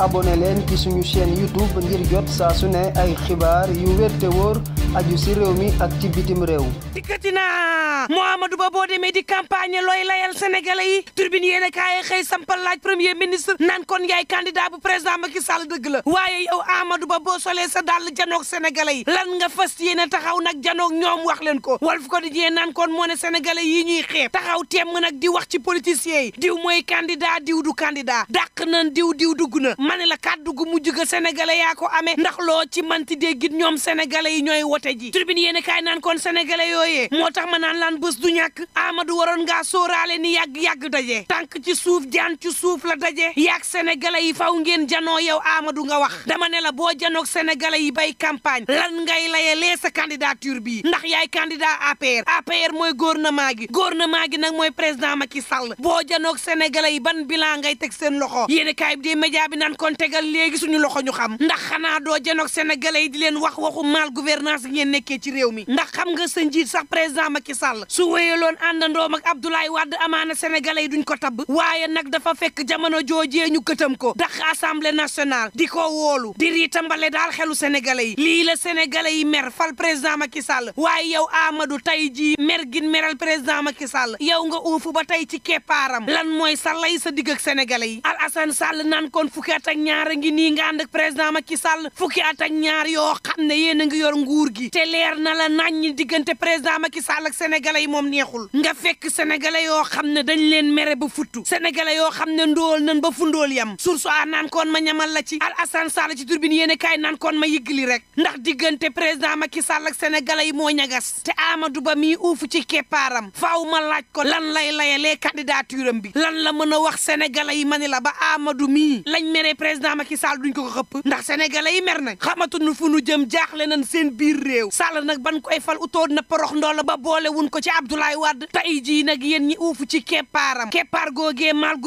abonné leen ci suñu chaîne YouTube ngir jot saa su ne ay xibaar yu wér te wóor aju si réew mi ak ci bitim réew. dikkati naa Mouhamadou Ba boo demee di campagne looy layal sénégalais yi turbine yéen a kaay xëy sampal laaj premier ministre naan kon yaay candidat bu président Macky Sall dëgg la waaye yow Amadou Ba boo solee sa dàll janoog sénégalais yi lan nga fas yéene taxaw nag janoog ñoom wax leen ko Walf Quotidien naan kon moo ne sénégalais yi ñuy xeeb taxaw teem nag di wax ci politiciens mooy candidat diw du candidat dàq nan diw diw dugg ma ne la kàddu gu mujj ga sénégalais yaa ko amee ndax loo ci manti déggit ñoom sénégalais yi ñooy wote ji tribune yéen kaay naan kon sénégalais yooyee moo tax ma naan laan bés du ñàkk Amadou waroon ngaa sóoraale ni yàgg-yàgg daje tànk ci suuf jaan ci suuf la daje yaag sénégalais yi faw ngeen janoo yow Amadou nga wax dama ne la boo janoog senegale yi bay campagne lan ngay layalee sa candidature bi ndax yaay candidat APR APR mooy gouvernement gi gouvernement gi nag mooy président Macky Sall boo janoog sénégalais yi ban bilan ngay teg seen loxo yéen kaay bi kon tegal léegi suñu loxo ñu xam ndax xanaa doo jenoog sénégalais yi di leen wax waxu mal gouvernance ngeen nekkee ci réew mi ndax xam nga sa njiit sax président Macky Sall su wéyaloon àndandoom ak Abdoulaye Wade amaana sénégalais yi duñ ko tabb waaye nag dafa fekk jamono joojee ñu këtam ko ndax assemblée nationale di ko woolu di riitambale daal xelu sénégalais yi lii la sénégalais yi mer fal président Macky Sall waaye yow Amadou tey jii mer gin meral président Macky Sall yow nga uufu ba tey ci keppaaram lan mooy sa lay sa digg sénégalais yi Alassane Sall naan kon fukki at ñaar a ngi nii nga ànd ak ma Macky Sall fukki at ak ñaar yoo xam ne yéen a ngi yor nguur gi te leer na la naññ diggante président Macky Sall ak sénégalais yi moom neexul nga fekk sénégalais yoo xam ne dañ leen mere ba futtu sénégalais yoo xam ne ndóol nan ba fu ndóol yam source a naan koon ma ñamal la ci al Assane Sall ci turbine yéen a kaay naan koon ma yëggali rek ndax diggante président Macky Sall ak sénégalais yi moo ñagas te Amadou Ba mii uufu ci keppaaram faaw ma laaj ko lan lay layalee candidature am bi lan la mën a wax sénégalais yi ma ni la ba Amadou mii lañ tey président Macky Sall duñ ko ko xëpp ndax sénégalais yi mer xamatu xamatuñu fu nu jëm jaaxle nañ seen biir réew Sall nag ban koy fal utoon na porox ndoola ba boole wun ko ci Abdoulaye Wade tey jii nag yéen ñi uufu ci keppaaram keppaar googee mal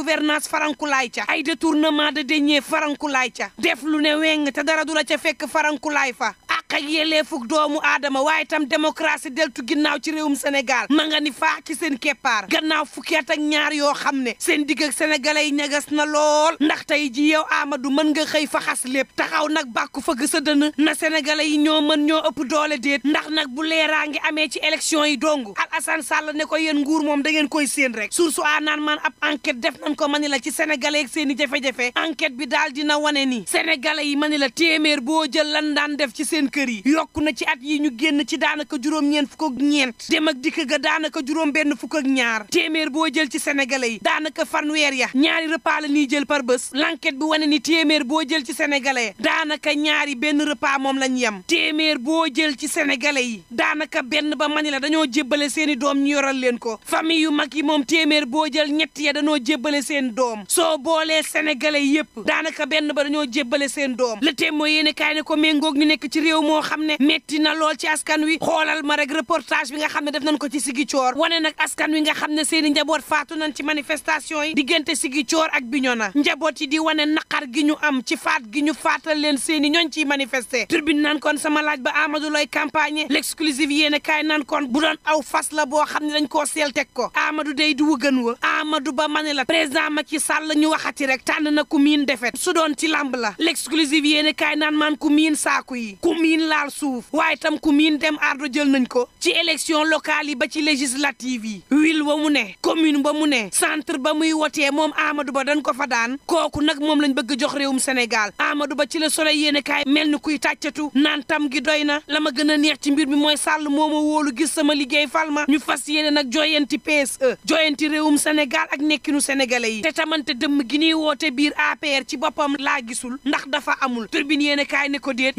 faranku laay ca ay détournement de faranku laay ca def lu ne weng te dara du la ca fekk faranku laay fa ak ak yelleefug doomu aadama waaye itam démocratie deltu ginnaaw ci réewum Sénégal ma nga ni faa ci seen keppaar gannaaw fukki at ak ñaar yoo xam ne seen digg ak yi ñagas na lool ndax tey ji yow aamadu mën nga xëy fa xas lépp taxaw nag bàkku fëgg sa na sénégalais yi ñoo mën ñoo ëpp doole déet ndax nag bu leeraa ngi amee ci élection yi dong Alassane Sall ne ko yéen nguur moom da ngeen koy séen rek source a naan man ab enquête def nañ ko ma ni la ci sénégalais seen i jafe bi daal dina wane ni sénégalais yi ma ni la téeméer boo jël lan daan def ci seen kër yi yokku na ci at yi ñu génn ci daanaka juróom-ñeent fukk ak ñeent dem ak dikk ga daanaka juróom benn fukk ak ñaar téeméer boo jël ci sénégalais yi daanaka fanweer ya ñaari repas la ñuy jël par bés l'enquête bi wane ni téeméer boo jël ci sénégalais daanaka ñaari benn repas moom lañ yem téeméer boo jël ci sénégalais yi daanaka benn ba mani la dañoo jébbale seeni doom ñu yoral leen ko famille yu mag yi moom téeméer boo jël ñett ya dañoo jébbale seen doom soo boolee sénégalais yépp daanaka benn ba dañoo jébbale seen doom le témoin yéene kaay ko méngoog ñu nekk ci réew moo xam ne metti na lool ci askan wi xoolal ma rek reportage bi nga xam ne def nañ ko ci siggi Coor wane nag askan wi nga xam ne seen i njaboot faatu nañ ci manifestation yi diggante Sigi Coor ak na njaboot yi di wane naqar gi ñu am ci faat gi ñu faatal leen seen i ñooñ ciy manifester turbine naan kon sama laaj ba Amadou lay campagne l'exclusive yéen kaay naan kon bu doon aw fas la boo xam ne dañ koo seel teg ko Amadou dey du gën wa Amadou Ba ma la président Macky Sall ñu waxati rek tànn na ku miin defet doon ci làmb la l'exclusive yéen kaay naan maan ku miin saaku yi miin suuf waaye tam ku miin dem ardo jël nañ ko ci élection locale yi ba ci législative yi wil wa mu ne commune ba mu ne centre ba muy wotee moom Amadou Ba dañ ko fa daan kooku nag moom lañ bëgg jox réewum Sénégal Amadou Ba ci la soleil yéene kaay mel ni kuy tàccatu naan tam gi doy na la ma gën a neex ci mbir mi mooy sàll moo ma wóolu gis sama liggéey fal ma ñu fas yéene nag joyanti PSE joyanti réewum Sénégal ak nekkinu senegale yi te tamante dëmm gi ñuy woote biir APR ci boppam laa gisul ndax dafa amul turbine yéene kaay ne ko déet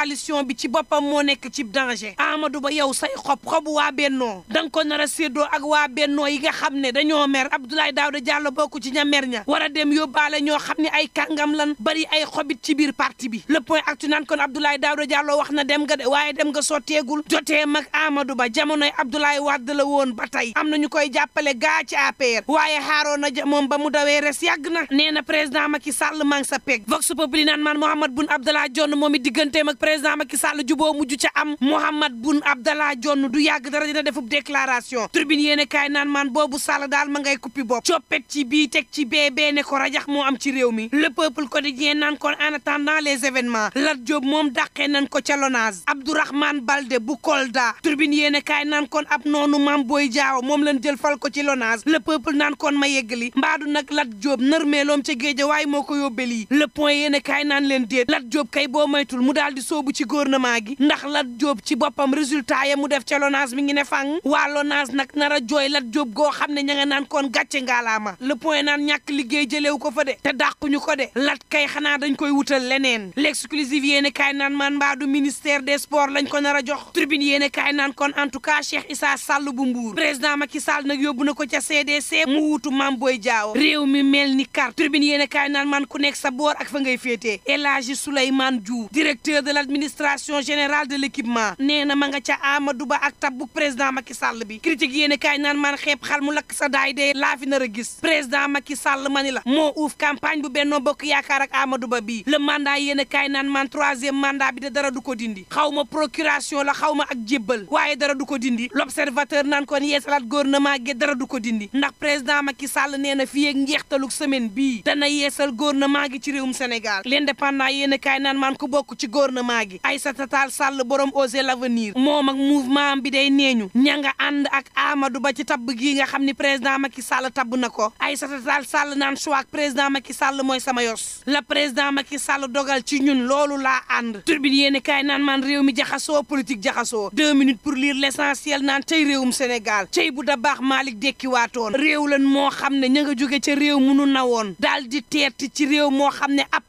coalition bi ci boppam moo nekk ci danger Amadou Ba yow say xob xobu waa Bennoo da nga ko nar a séddoo ak waa Bennoo yi nga xam ne dañoo mer Abdoulaye Daouda Diallo bokku ci ña mer ña war a dem yóbbaale ñoo xam ne ay kàngam lan bari ay xobit ci biir parti bi le point actu naan kon Abdoulaye Daouda Diallo wax na dem nga de waaye dem nga sotteegul jotee mag amadu Ba jamonoy Abdoulaye Wade la woon ba tey am na ñu koy jàppale gaa ci APR waaye xaaroon na ja moom ba mu dawee res yàgg na nee na président Macky Sall maa ngi sa peg Vox man Mahammed Boun Abdallah Dionne moom it digganteem président Macky Sall juboo mujj ca am Mohamed Boun Abdallah Dionne du yàgg dara dina defub déclaration tribune yéen kaay naan maan boobu Sall ma ngay kuppi bopp coppet ci bii teg ci bee bee ne ko rajax moo am ci réew mi le peuple quotidien naan kon en attendant les événements Lat Diop moom dàqee nañ ko ca Lonase Abdourahmane Balde bu Kolda tribune yéen kaay naan kon ab noonu maam booy Diao moom lañ jël fal ko ci Lonase le peuple naan kon ma yeggali mbaadu nag Lat Diop nërmeeloom ca géej waaye moo ko yóbbee lii le point yéen kaay naan leen déet Lat Diop mu daal soobu ci gouvernement gi ndax Lat Diop ci boppam résultat ya mu def ca LONASE mi ngi ne fang waa LONASE nag nar a jooy Lat Diop goo xam ne ña nga naan koon gàcce ngaalaama le point naan ñàkk liggéey jëlewu ko fa de te dàquñu ko de Lat kay xanaa dañ koy wutal leneen l'exclusive yéene kaay naan man mbaa du ministère des sports lañ ko nar a jox tribune yéene kaay naan kon en tout cas Cheikh Issa Sall bu Mbour président Macky Sall nag yóbbu na ko ca CDC mu wuutu Mame Boye Diao réew mi mel ni carte tribune yéene kaay man ku nekk sa boor ak fa ngay féetee El Hadji Souleymane l'administration générale de l'équipement nee na ma nga ca Amadou ak tab bu président Macky Sall bi critique yéen kaay naan man xeeb xal mu lakk sa daay dee laa fi nar a gis président Macky Sall ma la moo uuf campagne bu Benno Bokk Yaakaar ak Amadou Ba bii la mandat yéen kaay naan man troisième mandat bi de dara du ko dindi xaw ma procuration la xaw ma ak jébbal waaye dara du ko dindi l'observateur naan kon yeesalaat gouvernement gi dara du ko dindi ndax président Macky Sall nee na fii ak njeextaluk semaine bii dana yeesal gouvernement gi ci réewum Sénégal l'indépendant yéen kaay naan man bokk ci gouvernement mouvement gi Aïssata Tall Sall borom Osez l'avenir moom ak mouvement bi day neeñu ña nga ànd ak Amadou Ba ci tabb gii nga xam ni président Macky Sall tabb na ko Aïssata Tall Sall naan choix président Macky Sall mooy sama yos la président Macky Sall dogal ci ñun loolu laa ànd turbine yéen kaay naan man réew mi jaxasoo politique jaxasoo deux minutes pour lire l'essentiel naan tey réewum Sénégal tey bu da baax Malick dekkiwaatoon réew lan moo xam ne ña nga jóge ca réew munu na woon daal di teert ci réew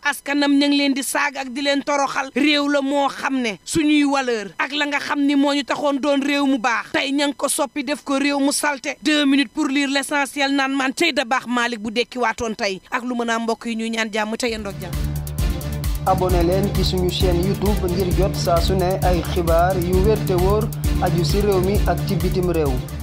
askanam ñu leen di saag ak di leen toroxal réew la moo xam ne suñuy valeur ak la nga xam ni moo ñu taxoon doon réew mu baax tey ña ngi ko soppi def ko réew mu salte deux minutes pour lire l'essentiel naan man tey da baax Malick bu dekki waatoon tey ak lu mën a mbokk yi ñuy ñaan jàmm te tey yendoog jàmm abonné leen ci suñu chaîne YouTube ngir jot saa su ne ay xibaar yu wér te wóor aju si réew mi ak ci bitim réew